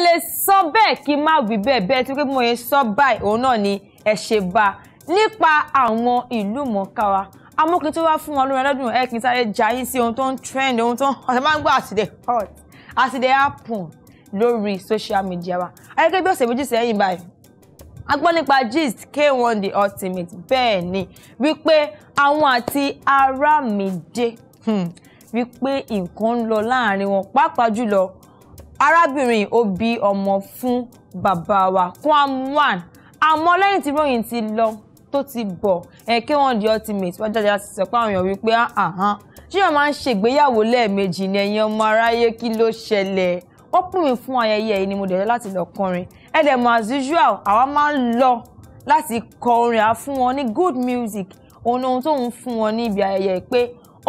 lè sọ bẹ́ẹ̀ kí n má wí bẹ́ẹ̀ bẹ́ẹ̀ tí pé mo yẹ sọ báyìí òun náà ni ẹ ṣe bá a nípa àwọn ìlú mọ̀ọ́ká wa amókin tó wá fún wọn lórí ọlọ́dún ẹ̀ kì í sáré jayín sí ohun tó ń trend ohun tó ń ọ̀sẹ̀ máa ń gbọ́ àtìdẹ̀ hot àtìdẹ̀ happen lórí social media wa ayẹ́kẹ́ bí ọ̀sẹ̀ méjì sẹ́yìn báyìí a nípa gist k1 the ultimate bẹ́ẹ̀ ni wípé àwọn àti Àràmídé hmm, wípé nǹkan ń lọ láàrin wọn pàápàá jùlọ arábìnrin ó bí ọmọ fún bàbá wa Kwan1 àmọ́ lẹ́yìn tí ròyìn ti lọ tó ti bọ̀ ẹ kí wọ́n di ultimate wọ́n jáde láti sọ pé àwọn èèyàn wípé àhán ah, ah, ah. ṣé wọ́n máa ń ṣègbéyàwó lẹ́ẹ̀mejì ní ẹ̀yin ọmọ aráyé kí ló ṣẹlẹ̀ wọ́n pè mí fún ayẹyẹ yìí ni mo dẹ̀ láti lọ kọrin ẹ dẹ̀ mọ̀ as usual àwa máa ń lọ láti kọ orin àá fún wọn ní good music òun ohun tó ń fún wọn ní ibi ayẹyẹ pé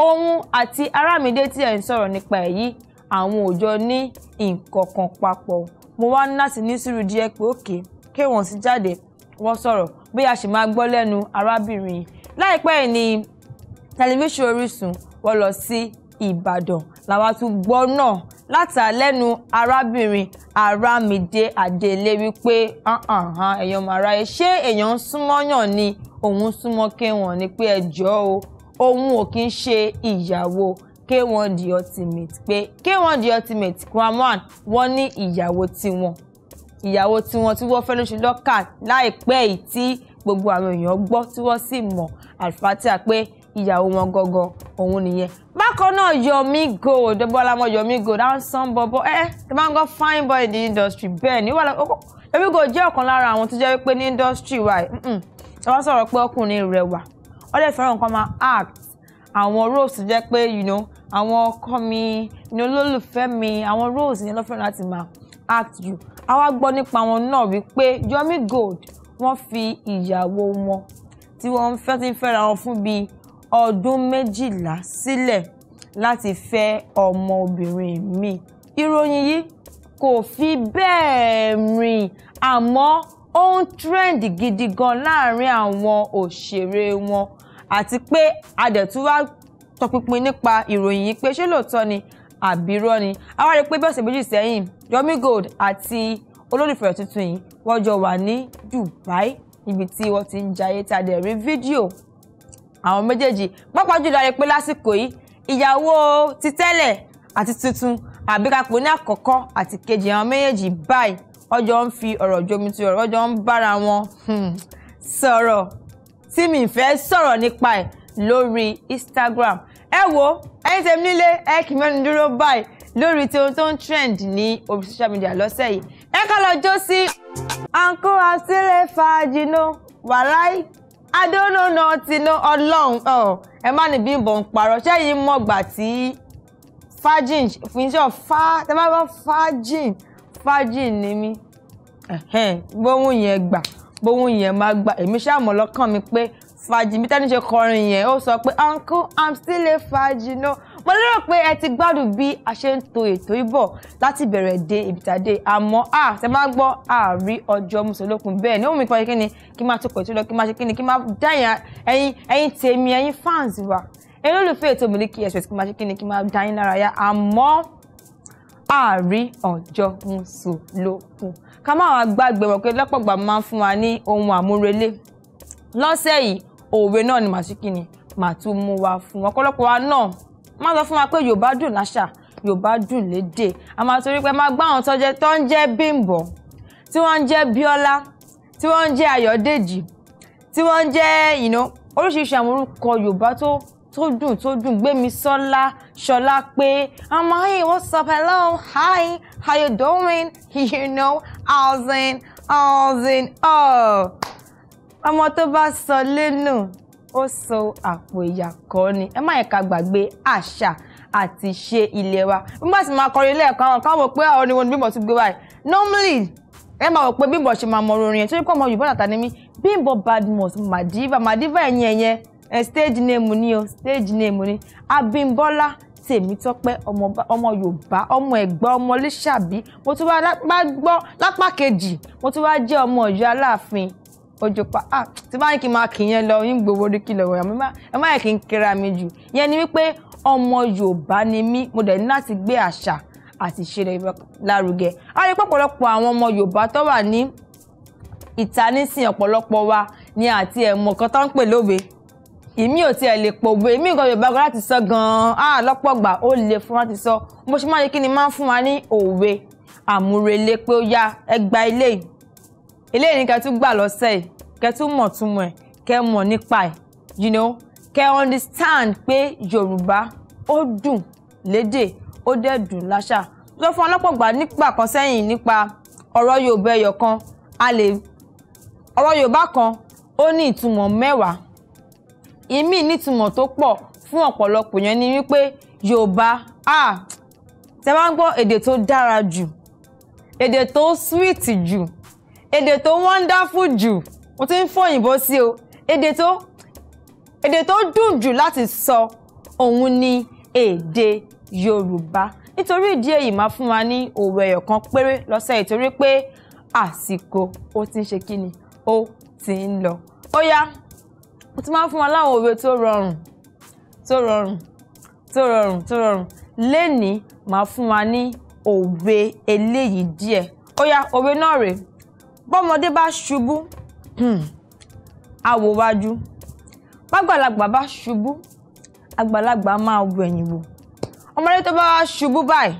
òun àti Arámidé tí ẹ̀ ń sọ̀rọ̀ nípa ẹ̀ yìí àwọn ò jọ ní nǹkan kan papọ̀ mo wá ní láti ní sùúrù díẹ̀ pé òkè kéwọ̀n sì jáde wọ́n sọ̀rọ̀ bí a ṣe máa gbọ́ lẹ́nu arábìnrin yìí láìpẹ́ yìí ni tẹlifíṣàn Orísun wọ́n lọ sí Ìbàdàn làwa tún gbọ́ náà látàlẹ́nu arábìnrin Àràmídé Adélé wípé ẹ̀yàn màráyé ṣé èèyàn ń súnmọ́yàn ni òun súnmọ́ kéwọ̀n ni pé ẹjọ́ o òun ò kí ń ṣe ìyàwó K1 The Ultimate pé K1 The Ultimate Kwamwan, 1 wọ́n ní ìyàwó tiwọn ìyàwó tiwọn tí wọ́n fẹ́ ló ṣe lọ́kà láìpẹ́ yìí tí gbogbo àwọn èèyàn gbọ́ tí wọ́n sì mọ̀ àlùfáàtìyà pé ìyàwó wọn gangan òun nìyẹn. bákan náà Yomi Gold debolamọ Yomi Gold handsome bobo ẹ ẹ tí wọ́n gbọ́ fine boy in the industry bẹ́ẹ̀ ni wọ́n lọ Yomi go jẹ́ ọ̀kan lára àwọn tó jẹ́ wípé ní industry wa ẹ wọ́n sọ̀rọ̀ pé ọkùnrin rẹwà ó lè fẹ́ràn nǹkan máa act àwọn roles tó jẹ́ pé you know àwọn ọkọ mi you know lólùfẹ́ mi àwọn roles yẹn ló fẹ́ràn láti máa act you àwa gbọ́ nípa wọn náà wípé Yomi Gold wọ́n fi ìyàwó wọn tí wọ́n fẹ́ ti fẹ́ra wọn fún bíi ọdún méjìlá sílẹ̀ láti fẹ́ ọmọ obìnrin mi ìròyìn yìí kò fi bẹ́ẹ̀ rìn àmọ́ ó ń trend gidi gan láàrin àwọn òṣèré wọn àti pé adẹ̀túwá tọpinpin nípa ìròyìn yìí pé ṣé lóòótọ́ ni àbírọ́ ni àwa rí i pé bí ọ̀sẹ̀ méjì sẹ́yìn Yomi Gold àti olólùfẹ́ rẹ̀ tuntun yìí wọ́n jọ wà ní Dubai níbi tí wọ́n ti ń jayé tá a dẹ̀ rí fídíò àwọn méjèèjì pápá jùlọ rí i pé lásìkò yìí ìyàwó ti àti tuntun àbí ní àkọ́kọ́ àti kejì àwọn méjèèjì báyìí ọjọ́ ń fi ọ̀rọ̀ jomitoro ọjọ́ ń bára wọn hmm, sọ̀rọ̀ tí mi fẹ́ sọ̀rọ̀ nípa ẹ̀ lórí Instagram ẹ wo ẹ̀yin tèmi nílé ẹ kì í mẹ́nu dúró báyìí lórí tí ohun tó ń trend ní orí social media lọ́sẹ̀ yìí ẹ ká lọ jó sí. àǹkó àṣírí fàájì náà wàláì adónónà tinú ọlọ́run ẹ má ní Bímbọ́ ń parọ́ sẹ́yìn mọ̀gbà tí fajin fúnṣọ fa tẹ́ bá gbọ́ fajin fajin ni mí gbóhùn yẹn gbà gbóhùn yẹn máa gba èmi ṣàmọ̀ lọ́kàn mi pé fàájì bí tẹ́ni ṣe kọrin yẹn ó sọ pé uncle i'm still a fàájì no mo lérò pé ẹ ti gbádùn bí a ṣe ń to ètò ìbọ̀ láti bẹ̀rẹ̀ dé ìbítàdé àmọ́ à tẹ máa gbọ́ àárí ọjọ́ mùsùlùkùn bẹ́ẹ̀ ni ó mi kọ́ kí ni kí máa tukọ̀ ètò lọ kí máa ṣe kí ni kí máa dáyà ẹ̀yin ẹ̀yin tèmi ẹ̀yin fans wa ẹ̀yin olùfẹ́ ètò Miliki Express kí máa ṣe kí ni kí máa dáyìn lára yá àmọ́ àárín ọ̀jọ̀gbọ́n sùn ló kù ká má wàá gbàgbé wọn pé lọ́pọ̀gbà máa ń fún wa ní ohun àmúrelé lọ́sẹ̀ yìí òwe náà ni màṣíkì ni màá tún mú wa fún ọ̀pọ̀lọpọ̀ wa náà má sọ fún wa pé Yorùbá dùn láṣà Yorùbá dùn lédè a máa torí pé máa gbá àwọn tọ́jẹ tó ń jẹ́ Bímbọ́ tí wọ́n ń jẹ́ Bíọ́lá tí wọ́n ń jẹ́ Ayọ̀dèjì tí wọ́n ń jẹ́ you know oríṣiríṣi àwọn orúkọ Yorùbá tó tó dùn tó dùn gbémi sọ́lá ṣọlá pé ọmọ hey what's up hello hi how you doing you know how's it how's it oh ọmọ tó bá sọ lẹ́nu ó sọ àpò ìyàkọ́ ni ẹ má yẹ ká gbàgbé àṣà àti ṣe ilé wa bí wọ́n sì máa kọrin lẹ́ẹ̀kan àwọn kan wò pé àwọn oníwọ̀n Bímbọ́ tún gbé wáyé normally ẹ máa wò pé Bímbọ́ ṣe máa mọ orin yẹn torí pé ọmọ Yorùbá nàta ni mí Bímbọ́ Badmus Madiva Madiva ẹ̀yìn ẹ̀yẹn stage name ni o stage name ni Abímbọ́lá Tèmítọ́pẹ́ ọmọ Yorùbá ọmọ Ẹ̀gbá ọmọ Lísàbí mo tún wá lápá gbọ́ lápá kejì mo tún wá jẹ́ ọmọ Ọ̀yọ́ Aláàfin Òjòpá ah tí báyìí kí n máa kì í yẹn lọ yín gbowó orí kìlọ̀ wọ̀nyà ẹ má yẹ kí n kíra mi jù yẹn ni wípé ọmọ Yorùbá ni mí mo dẹ̀ ní láti gbé àṣà àti ìṣe rẹ̀ lárugẹ a rí pọ̀pọ̀lọpọ̀ àwọn ọmọ Yorùbá tó wà ní ìta nísìn ọ̀pọ̀lọpọ̀ wa ni àti ẹ̀mọ̀kan tó ń pè lóbe èmi ò tiẹ̀ lè pọ̀ gbé èmi nǹkan yorùbá kan láti sọ gan-an lọ́pọ̀ gbà ó lè fún láti sọ mo ṣe máa ń kí ni máa ń fún wa ní òwe àmúrelé pé ó yá ẹ ilé ilé yìí ni tún gbà lọ́sẹ̀ yìí tún mọ̀ tún ẹ̀ kẹ́ mọ̀ nípa ẹ̀ you know kẹ́ understand pé yorùbá ó dùn lédè ó dẹ̀ dùn láṣà lọ fún ọlọ́pọ̀ gbà nípa kan sẹ́yìn nípa ọ̀rọ̀ yorùbá ẹyọ kan a lè ọ̀rọ̀ yorùbá kan ó ní ìtumọ̀ mẹ́wàá Imi nítumọ̀ tó pọ̀ fún ọ̀pọ̀lọpọ̀ yẹn ni wípé yorùbá ah tẹ bá ń gbọ́ èdè tó dára jù èdè tó sweet jù èdè tó wonderful jù mo ti ń fọ òyìnbó sí o èdè tó èdè tó dùn jù láti sọ òun ni èdè yorùbá nítorí ìdí èyí máa fún wa ní òwe ẹyọ kan péré lọ́sẹ̀ ìtorí pé àsìkò ó ti ń ṣe kí ni ó ti ń lọ ó yá mo ti máa ń fún wa láwọn òwe tó rọrùn tó rọrùn tó rọrùn tó rọrùn lénìí màá fún wa ní òwe eléyìí díẹ̀ ó yá òwe náà rèé bọ́mọdé bá ṣubú àwò hmm, wájú bágbàlagbà bá ṣubú àgbàlagbà máa wẹ̀yìn wò ọmọdé tó bá ṣubú báyìí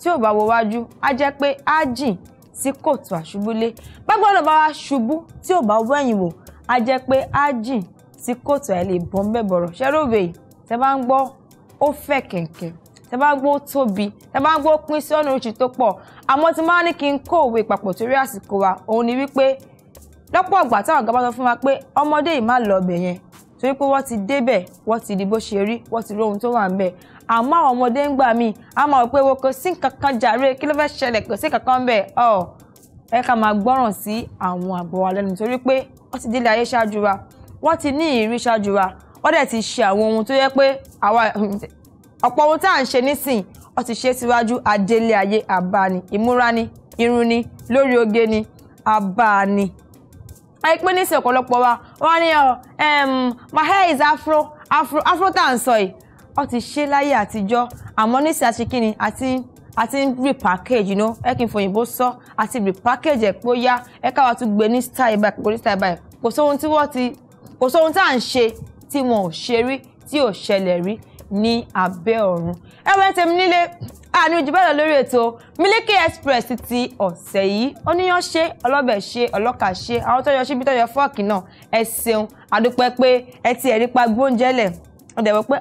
tí ò bá wo wájú á jẹ́ pé á jìn sí kòtò àṣubúlé bágbàlagbà bá ṣubú tí ò bá wẹ̀yìn wò á jẹ́ pé á jìn tí kòtò ẹ̀ lè bọ́ mẹ́bọ̀rọ̀ ṣẹ́rọ̀bẹ̀ tẹ́ bá ń gbọ́ ó fẹ̀ kẹ̀kẹ́ tẹ́ bá ń gbọ́ ó tóbi tẹ́ bá ń gbọ́ ó pín sí ọ̀nà oríṣi tó pọ̀ àmọ́ tí máa ní kí n kó òwe papọ̀ torí àsìkò wa òun ni wípé lọ́pọ̀ ọ̀gbà táwọn ọ̀gá bá sọ fún wa pé ọmọdé yìí má lọ ọbẹ̀ yẹn torí pé wọ́n ti débẹ̀ wọ́n ti di bó ṣe rí wọ́n ti rí ohun tó wà ń bẹ̀ àmọ́ àwọn ọmọdé ń gbà míì a máa wò pé wo kò sí nǹkan kan jàre kí ló fẹ́ ṣẹlẹ̀ kò sí nǹkan kan bẹ̀ ọ̀ ẹ ká máa gbọ́ràn sí àwọn àgbọ̀ wa lẹ́nu torí pé wọ́n ti délé ayé ṣáájú wa wọ́n ti ní ìrírí ṣáájú wa wọ́n dẹ̀ ti ṣe àwọn ohun tó yẹ pé àwa ọ̀pọ̀ ohun tá à ń ṣe nísìn wọ́n ti ṣe síwájú adélé ayé àbáni ìmúra ni irun ni lórí oge ni àbáni. àìpé nísìn ọ̀pọ̀lọpọ̀ wa wọ́n ní ọ oh, my hair is afro afro afro tá à ń sọ yìí wọ́n ti ṣe láyé àtijọ́ àmọ́ nísìn àṣekínni àti a ti repackage you know ẹ kí n fòyìnbó sọ a ti repackage ẹ pé ó yá ẹ káwa tún gbé ní style báyìí kò ní style báyìí kò sóhun tí wọ́n ti kò sóhun tá à ń ṣe tí wọn ò ṣe rí tí ò ṣẹlẹ̀ rí ní abẹ́ ọ̀run ẹ̀wẹ̀ tèmi nílé àní ojú lórí ètò Miliki Express ti ọ̀sẹ̀ yìí oníyan ṣe ọlọ́bẹ̀ ṣe ọlọ́kà ṣe àwọn tọ́jọ́ ṣíbí tọ́jọ́ fọ́ọ̀kì náà ẹ ṣeun àdúpẹ́ pé ẹ ti ẹ̀rí pa gbóúnjẹ́lẹ̀ wọ́n dẹ̀ wọ́n pé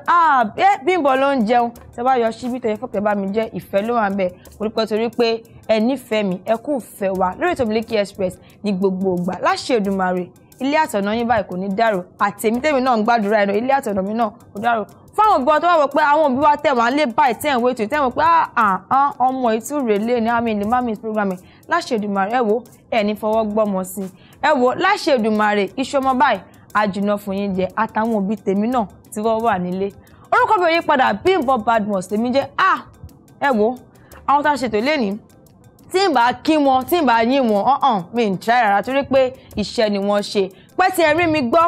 ẹ Bímbọ́ ló ń jẹun tẹ bá yọ síbí tẹ̀yẹ fọ́ọ̀kì bá mi jẹ́ ìfẹ́ ló wà ń bẹ̀ orúkọ torí pé ẹ nífẹ̀ẹ́ mi ẹ kú ìfẹ́ wa lórí ètò Miliki Express ní gbogbo ìgbà láṣẹ Èdùmàrè ilé àtọ̀nà yín báyìí kò ní dàrú àtèmi tèmi náà ń gbàdúrà ẹ̀rọ ilé àtọ̀nà mi náà kò dàrú fáwọn ògbọ́n tó wà wọ pé àwọn òbí wa tẹ̀ wọ́n á lé báyìí tẹ̀ ń wétò tẹ̀ wọ́n pé àhán ah, ah, ah, ọmọ ìtúrè lé ní àmì ìlú mami program láṣẹ Èdùmàrè ẹ wo ẹ ní fọwọ́ gbọ́mọ sí i ẹ wo láṣẹ Èdùmàrè ìṣọmọ báyìí àjùnà fún yín jẹ àtàwọn òbí tèmi náà tí wọ́n wà nílé orúkọ mi ò yí padà Bímbọ́ Badmus tèmi jẹ́ ah ẹ àwọn tá a ṣètò lénìí tí n bá kí wọn tí n bá yín wọn ọ̀hún mi ń tẹ́ rárá torí pé iṣẹ́ ni wọ́n ṣe pẹ́ tí mi gbọ́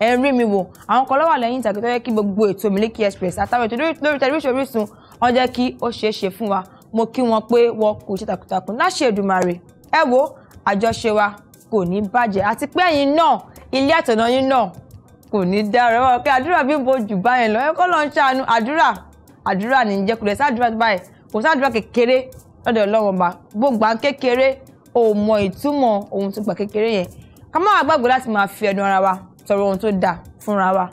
ẹ mi wò àwọn kan lọ́wọ́ lẹ́yìn ìtàgé tó yẹ kí gbogbo ètò Miliki Express àtàwọn ètò lórí tẹlifíṣàn Orísun wọ́n jẹ́ kí ó ṣeé ṣe fún wa mo kí wọn pé wọn kò ṣe takuntakun láṣẹ Èdùmàrè ẹ wo àjọṣe wa kò ní bàjẹ́ àti pé ẹ̀yin náà ilé àtọ̀nà yín náà kò ní dára wọn pé àdúrà bí n bo jù báyẹn lọ ẹ kọ́ lọ́n ṣàánú àdúrà àdúrà ní jẹ́ kò lè sádùúrà báyìí kò sádùúrà kékeré lọ́dọ̀ ọlọ́run ọba bó gbà kékeré ò mọ ìtumọ̀ ohun tó gbà kékeré yẹn ká má gbàgbé láti máa fi ẹnu ara wa tọrọ ohun tó dáa fúnra wa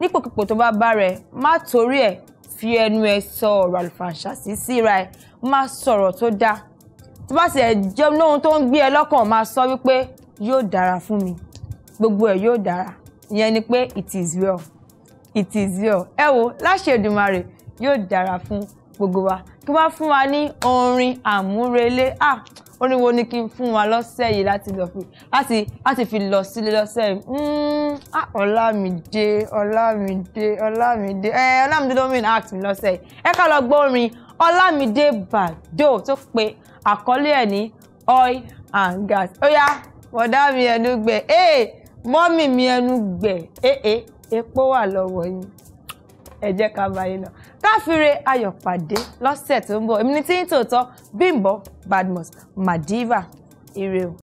nípòkípò tó bá bá rẹ má torí ẹ fi ẹnu ẹ sọ ọ̀rọ̀ àlùfàǹṣà sí síra ẹ má sọ̀rọ̀ tó dáa tó bá sì ẹ jẹ lóhun tó ń gbé ẹ lọ́kàn máa sọ wípé yóò dára fún mi gbogbo ẹ yóò dára ìyẹn ni pé it is well it is well ẹ wo láṣẹ Èdùmàrè yóò dára fún gbogbo wa kí wọ́n fún wa ní orin àmúrelé ah orin wo ni kí n fún wa lọ́sẹ̀ yìí láti lọ fi láti láti fi lọ sílé lọ́sẹ̀ yìí hmm, ah ọlámídé ọlámídé ọlámídé ẹ eh, ọlámídé ló mìíràn act mi lọ́sẹ̀ yìí ẹ ká lọ gbọ́ orin ọlámídé bàdó tó pe àkọlé ẹ̀ ní oil and gas ó yá bọ̀dá mi ẹnu gbẹ̀ ee eh, mọ́mì mi ẹnu gbẹ̀ ee eh, epo wà lọ́wọ́ yín ẹ jẹ́ ká báyìí náà káfíre ayọ̀ pàdé lọ́sẹ̀ tó ń bọ̀ èmi ní tí ń tòótọ́ Bímbọ́ Badmus Madiva ire o.